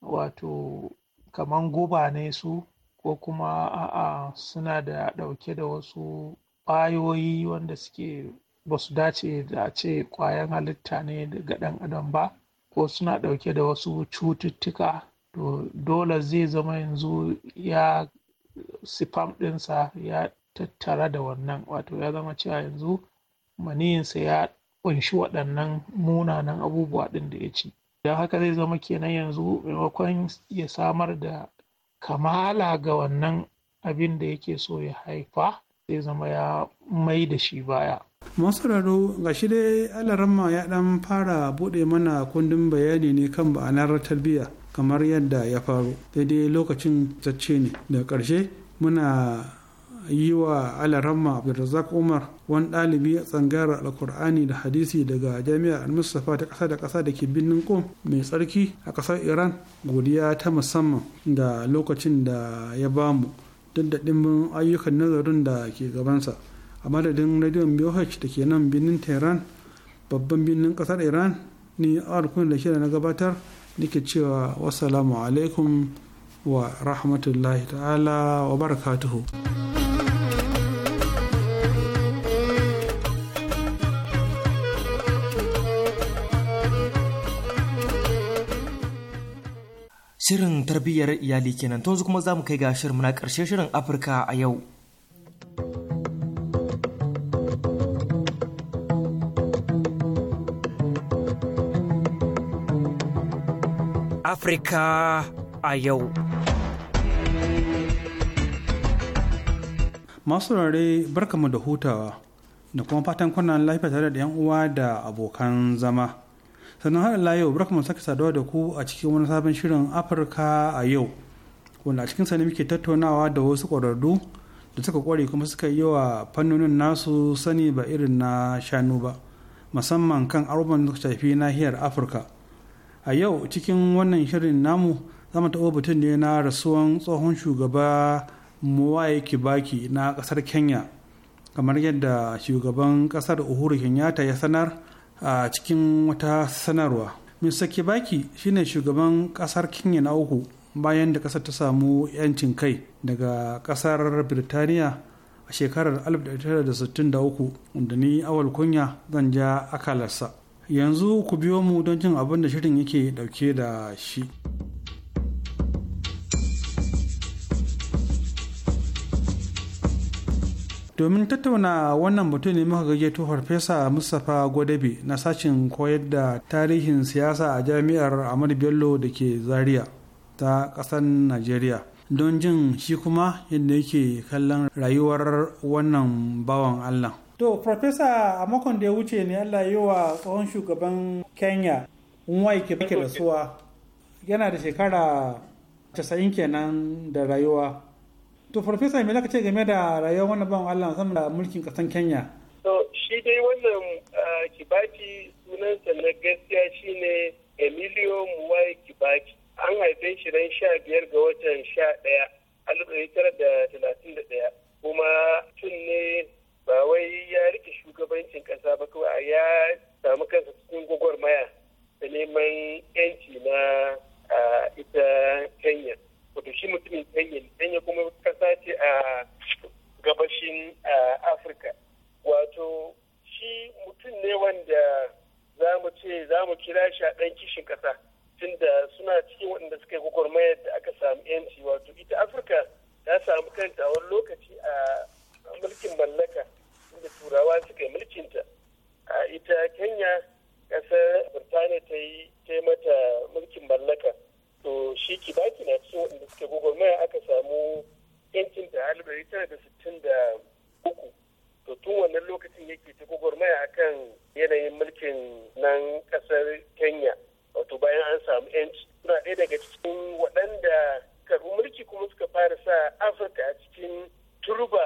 Speaker 11: wato kaman guba ne su ko kuma a'a suna da ɗauke da wasu ƙwayoyi wanda suke ba su dace da ce ƙwayan halitta ne daga ɗan adam ba ko suna ɗauke da wasu cututtuka to dole zai zama yanzu ya sifam ɗinsa ya tattara da wannan wato ya zama cewa yanzu maniyinsa ya ƙunshi waɗannan munanan abubuwa ɗin da ya ci don haka zai zama kenan yanzu maimakon ya samar da kamala ga wannan abin da yake so ya haifa zai zama ya mai da shi baya
Speaker 3: masararo ga shi dai alarama ya dan fara bude mana kundin bayani ne kan ba'anar tarbiyya kamar yadda ya faru daidai lokacin zace ne da ƙarshe muna yi wa alarama abdulrazak umar wani ɗalibi a tsangayar alkur'ani da hadisi daga jami'ar al-mustapha ta ƙasa da kasa da ke birnin kom mai tsarki a ƙasar iran godiya ta musamman da lokacin da ya bamu duk da ɗimbin ayyukan nazarin da ke gabansa a madadin rediyon boh da ke nan birnin tehran babban birnin ƙasar iran ni arkun da shida na gabatar nake cewa wasalamu alaikum wa rahmatullahi ta'ala wa barakatuhu.
Speaker 1: Shirin tarbiyyar iyali kenan to kuma za mu kai ga shirin na ƙarshe shirin Afirka a yau. Afirka
Speaker 3: a yau. Masu rare barkamu da hutawa da kuma fatan kuna lafiya tare da 'yan uwa da abokan zama. sannan har Allah yau barkamu saka saduwa da ku a cikin wani sabon shirin Afirka a yau wanda a cikin ne muke tattaunawa da wasu ƙwararru da suka ƙware kuma suka yi wa fannonin nasu sani ba irin na shanu ba musamman kan abubuwan da shafi nahiyar Afirka a yau cikin wannan shirin namu za mu taɓa batun ne na rasuwan tsohon shugaba Mwai Kibaki na ƙasar Kenya kamar yadda shugaban ƙasar Uhuru Kenyatta ya sanar a cikin wata sanarwa mr kibaki shine shugaban kasar kenya na uku bayan da kasar ta samu 'yancin kai daga kasar birtaniya a shekarar 1963 da ni awal kunya zan ja akalarsa yanzu ku biyo mu don jin abin da shirin yake dauke da shi. domin tattauna wannan mutum ne muka to farfesa mustapha gwadabe na sashen koyar da tarihin siyasa a jami'ar Amadu bello da ke zaria ta ƙasar najeriya don jin shi kuma yadda yake kallon rayuwar wannan bawan allah to farfesa a makon da ya wuce ne allah yi wa tsohon shugaban kenya nwai ke rasuwa yana da shekara 90 kenan da rayuwa to farfesa me zaka ce game da rayuwar wannan ban Allah musamman da mulkin kasan Kenya
Speaker 12: to shi dai wannan kibaki sunansa na gaskiya shine Emilio Muwai Kibaki an haife shi ran sha biyar ga watan sha ɗaya alif ɗari tara da talatin da ɗaya kuma tun ne ba wai ya rike shugabancin ƙasa ba kawai ya samu kansa cikin gwagwarmaya da neman yanci na ita kenya wato shi mutumin kenya kenya kuma kasa ce a gabashin afirka wato shi mutum ne wanda za mu ce za mu kira shi a ɗan kishin ƙasa tunda suna cikin waɗanda suka yi gwagwarmayar da aka samu yanci wato ita afirka ta samu kanta a wani lokaci a mulkin mallaka inda turawa suka yi mulkinta a ita kenya ƙasar birtaniya ta yi mata mulkin mallaka to shi ki ki na cikin waɗanda suke gwagwarmaya aka samu yancin da halibari tana da sittin da uku to tun wannan lokacin yake ta gwagwarmaya akan yanayin mulkin nan kasar kenya wato bayan an samu yanci suna ɗaya daga cikin waɗanda karu mulki kuma suka fara sa afirka a cikin turba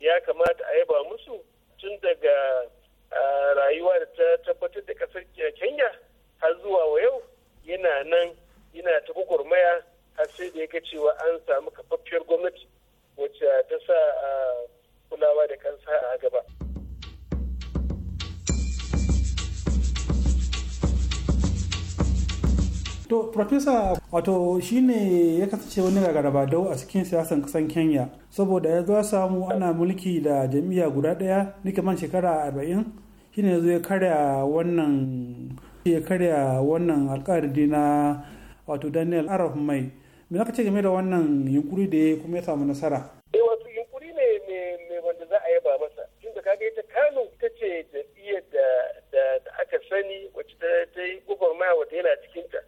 Speaker 12: ya kamata a yaba musu tun daga rayuwa da ta tabbatar da kasar kenya har zuwa wa yau yana nan yana ta gwagwarmaya har sai da ya ga cewa an samu kafaffiyar gwamnati wacce ta sa kulawa da kansa a
Speaker 3: gaba. To, Profesa, wato shi ne ya kasance wani gagaraba dau a cikin siyasan kasan Kenya. saboda ya zuwa samu ana mulki da jami'a guda ɗaya nika man shekara arba'in shine ya zo ya karya wannan ya karya wannan alkaridi na wato daniel arab mai me ka ce game da wannan yunkuri da ya kuma ya samu nasara
Speaker 12: eh wato yunkuri ne ne wanda za a yaba masa tun da kaga ita kano ita ce jam'iyyar da da aka sani wacce ta yi gwagwarmaya wata yana cikinta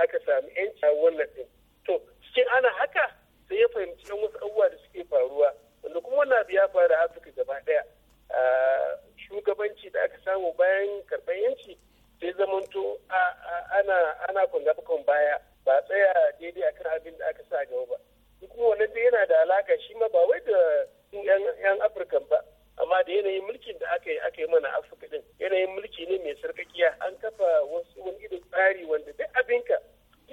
Speaker 12: aka samu yanci a wannan din to cikin ana haka sai ya fahimci nan wasu abubuwa da suke faruwa wanda kuma wannan abu ya faru a afirka gaba daya shugabanci da aka samu bayan karɓar yanci sai zamanto ana ana kwan baya ba tsaya daidai akan abin da aka sa gaba ba kuma wannan da yana da alaka shi ma ba wai da yan afirka ba amma da yanayin mulkin da aka yi aka yi mana afirka din yanayin mulki ne mai sarkakiya an kafa wasu wani irin tsari wanda duk abinka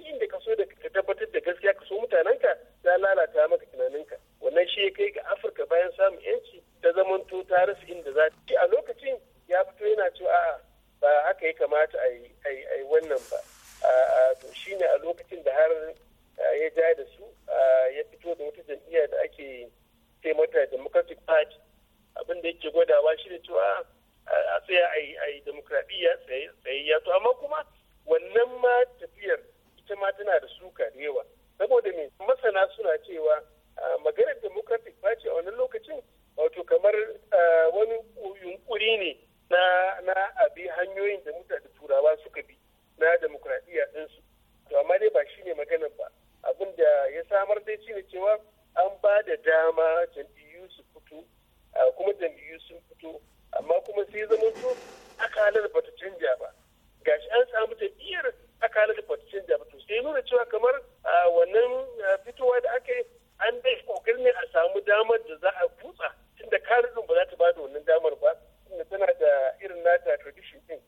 Speaker 12: duk da ka so da ka tabbatar da gaskiya ka so mutanen ka ta lalata maka tunanin ka wannan shi ya kai ga afirka bayan samun yanci ta zamanto ta rasa inda za ta a lokacin ya fito yana cewa a ba haka ya kamata a yi wannan ba to shi ne a lokacin da har ya ja da su ya fito da wata jam'iyya da ake ce mata democratic party abin da yake gwadawa shi ne cewa a tsaya a yi demokradiyya tsayayya to amma kuma wannan ma ita ma tana da suka da yawa saboda me masana suna cewa maganar democratic party a wannan lokacin wato kamar wani yunkuri ne na abi hanyoyin da mutane turawa suka bi na demokradiyya ɗinsu to amma dai ba shi ne maganar ba abin da ya samar dai shine cewa an ba da dama jam'iyyu su fito kuma jam'iyyu sun fito amma kuma sai zama to akalar bata canja ba gashi an samu tafiyar aka hana da da mutu sai nuna cewa kamar wannan fitowa da aka yi an dai kokarin ne a samu damar da za a kutsa tunda karin ba za ta ba da wannan damar ba tunda tana da irin nata tradition din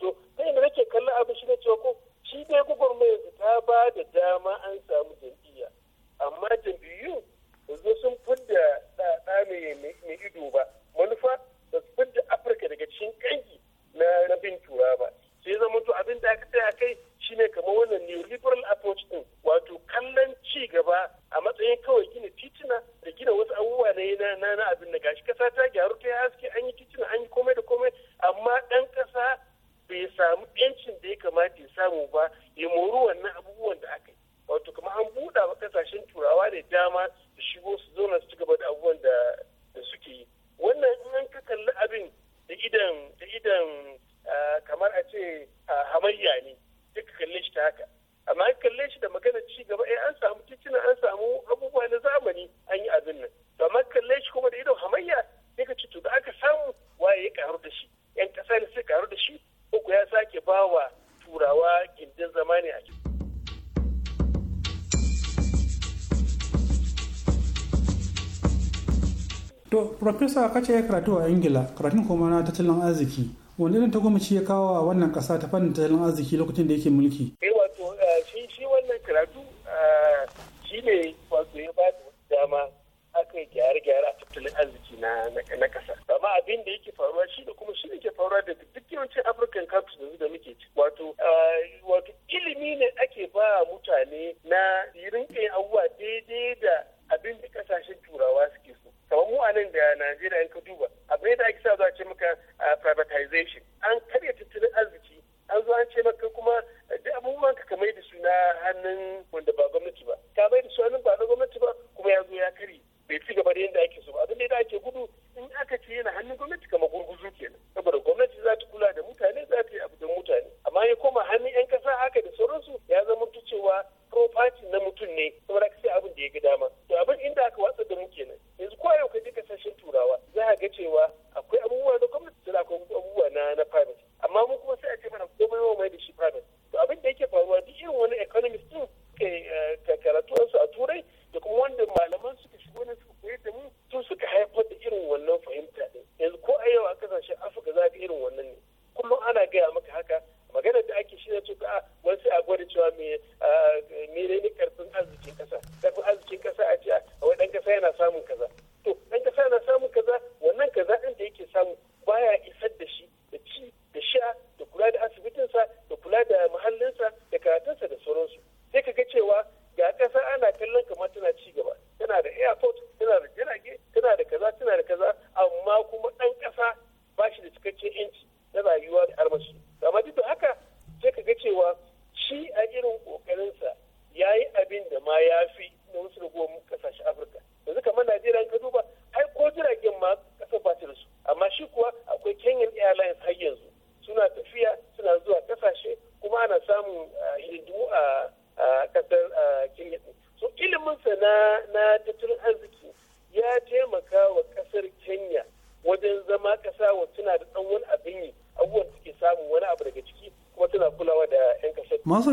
Speaker 12: to sai da nake kallon abin shi ne cewa ko shi dai yanzu ta ba da dama an samu jam'iyya amma jam'iyyu ba zo sun fidda ɗa mai ido ba manufa ba su fidda afirka daga cikin kangi na rabin tura ba sai zama to abin da aka tsaya kai shine kamar wannan neoliberal approach din wato kallon ci gaba a matsayin kawai gina titina da gina wasu abubuwa na na na abin da gashi kasa ta gyaru ta yi haske an yi titina an yi komai da komai amma dan kasa bai samu yancin da ya kamata ya samu ba ya moru wannan abubuwan da aka yi wato kamar an buɗa wa kasashen turawa da dama da shigo su zauna su ci gaba da abubuwan da suke yi wannan in an ka kalli abin da idan da idan Eh, kamar a ce hamayya ne duka kalle shi ta haka amma an kalle shi da magana ci gaba eh an samu titina an samu abubuwa na zamani an yi abin nan to amma kalle shi kuma da idon hamayya sai ka ci to da aka samu waye ya karu da shi yan kasa ne sai karu da shi uku ya sake bawa turawa gindin zamani a ciki
Speaker 3: To, Profesa kace ya karatu a Ingila, karatun kuma na tattalin arziki. wani irin tagomashi ya kawo a wannan kasa ta fannin tattalin arziki lokacin da yake mulki
Speaker 12: eh wato eh, shi wannan karatu eh, shi ne wato ya ba da dama aka yi gyare-gyare a tattalin arziki na kasa amma abin da yake faruwa shi da kuma shi ne ke faruwa da duk yawancin african countries yanzu da muke ci wato eh, wato ilimi ne ake ba mutane na irin abubuwa daidai da abin da kasashen turawa suke kamar mu a nan da najeriya in ka duba abin da ake sa zuwa ce maka ah, privatization an karya tattalin arziki an zo an ce maka kuma eh, duk abubuwan ka kamar da su na hannun wanda ba gwamnati ba ka mai da su hannun ba na gwamnati ba kuma ya zo ya karye bai ci gaba da yadda ake so ba abin da ake gudu in aka ce yana hannun gwamnati kamar gurguzu kenan saboda gwamnati za ta kula da mutane za ta yi abu da mutane amma ya koma hannun yan kasa haka da sauransu ya zama cewa ko fati na mutum ne saboda ka sai abin da ya ga dama to abin inda aka watsa da muke kenan yanzu ko yau ka je kasashen turawa za a ga cewa akwai abubuwa na gwamnati da akwai abubuwa na na private amma mu kuma sai a ce mana komai wa mai da shi private to abin da yake faruwa duk irin wani economist din ke eh, karatu su a turai da kuma wanda malaman suka shigo ne suka koyar da mu to suka haifar da irin wannan fahimta din yanzu ko a yau a kasashen afirka za ka irin wannan ne kullum ana gaya maka haka magana da ake shi na ce a wani sai a gwada cewa me ne ne karfin arzikin kasa karfin arzikin kasa a ce a dan kasa yana samun kaza to dan kasa yana samun kaza wannan kaza din da yake samu baya isar da shi da ci da sha da kula da asibitinsa da kula da muhallinsa da karatunsa da sauransu sai ka ga cewa ga kasa ana kallon kamar tana ci gaba tana da airport tana da jirage tana da kaza tana da kaza amma kuma dan kasa ba shi da cikakken yanci na rayuwa da armashi amma duk da haka sai ka ga cewa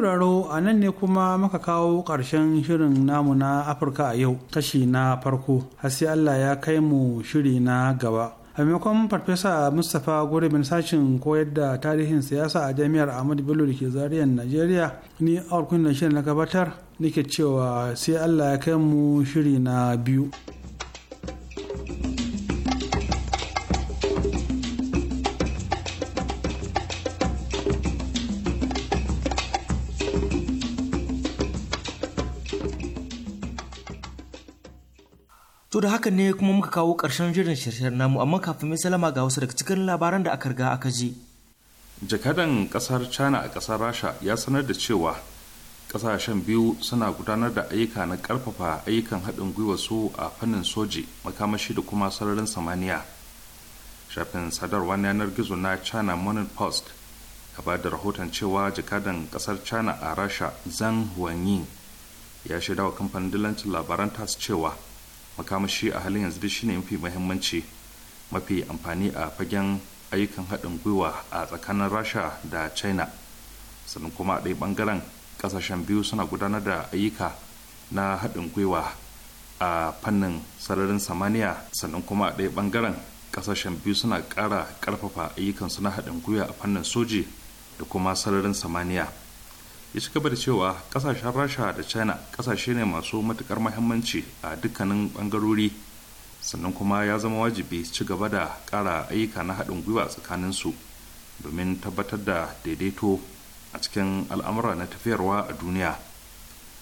Speaker 3: sauraro a nan ne kuma muka kawo ƙarshen shirin namu na Afirka a yau kashi na farko, har sai Allah ya kai mu shiri na gaba. a maimakon farfesa mustapha gurbin sashin koyar da tarihin siyasa a jami'ar ahmad bello da ke zariyar najeriya ni a na shirin na gabatar nake cewa sai allah ya kai mu shiri na biyu
Speaker 1: saboda haka ne kuma muka kawo
Speaker 2: ƙarshen jirin shirshen namu amma kafin mai salama ga wasu daga cikin labaran da aka riga aka ji. Jakadan kasar China a kasar Rasha ya sanar da cewa kasashen biyu suna gudanar da ayyuka na karfafa ayyukan haɗin gwiwa su a fannin soji makamashi da kuma sararin samaniya. Shafin sadarwa na yanar gizo na China Morning Post ya ba da rahoton cewa jakadan kasar China a Rasha Zhang Huanyin ya shaidawa kamfanin dillancin labaran tas cewa makamashi a halin yanzu shi shine mafi mahimmanci mafi amfani a fagen ayyukan haɗin gwiwa a tsakanin rasha da china sannan kuma a ɗaya ɓangaren ƙasashen biyu suna gudanar da ayyuka na haɗin gwiwa a fannin sararin samaniya sannan kuma a ɗaya ɓangaren ƙasashen biyu suna ƙara ƙarfafa ayyukansu na haɗin gwiwa a fannin soji da kuma sararin samaniya ya ci gaba da cewa kasashen rasha da china kasashe ne masu matukar mahimmanci a dukkanin bangarori sannan kuma ya zama wajibi ci gaba da ƙara ayyuka na haɗin gwiwa tsakanin su domin tabbatar da daidaito a cikin al'amura na tafiyarwa a duniya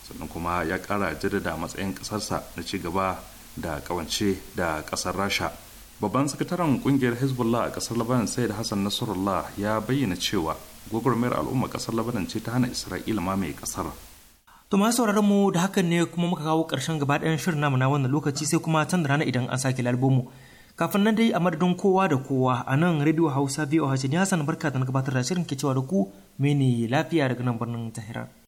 Speaker 2: sannan kuma ya kara jaddada matsayin ƙasarsa na ci gaba da ƙawance da ƙasar rasha babban sakataren kungiyar hezbollah a ƙasar labanin sai da hassan nasarullah ya bayyana cewa gwagwarmayar al'umma kasar labanan ce ta hana isra'ila mai kasar
Speaker 1: to ma sauraron mu da hakan ne kuma muka kawo karshen gaba ɗayan shirin namu na wannan lokaci sai kuma can da rana idan an sake lalbomu kafin nan dai a madadin kowa da kowa a nan radio hausa voh ne hassan barka da na gabatar da shirin ke cewa da ku mene lafiya daga nan birnin tehran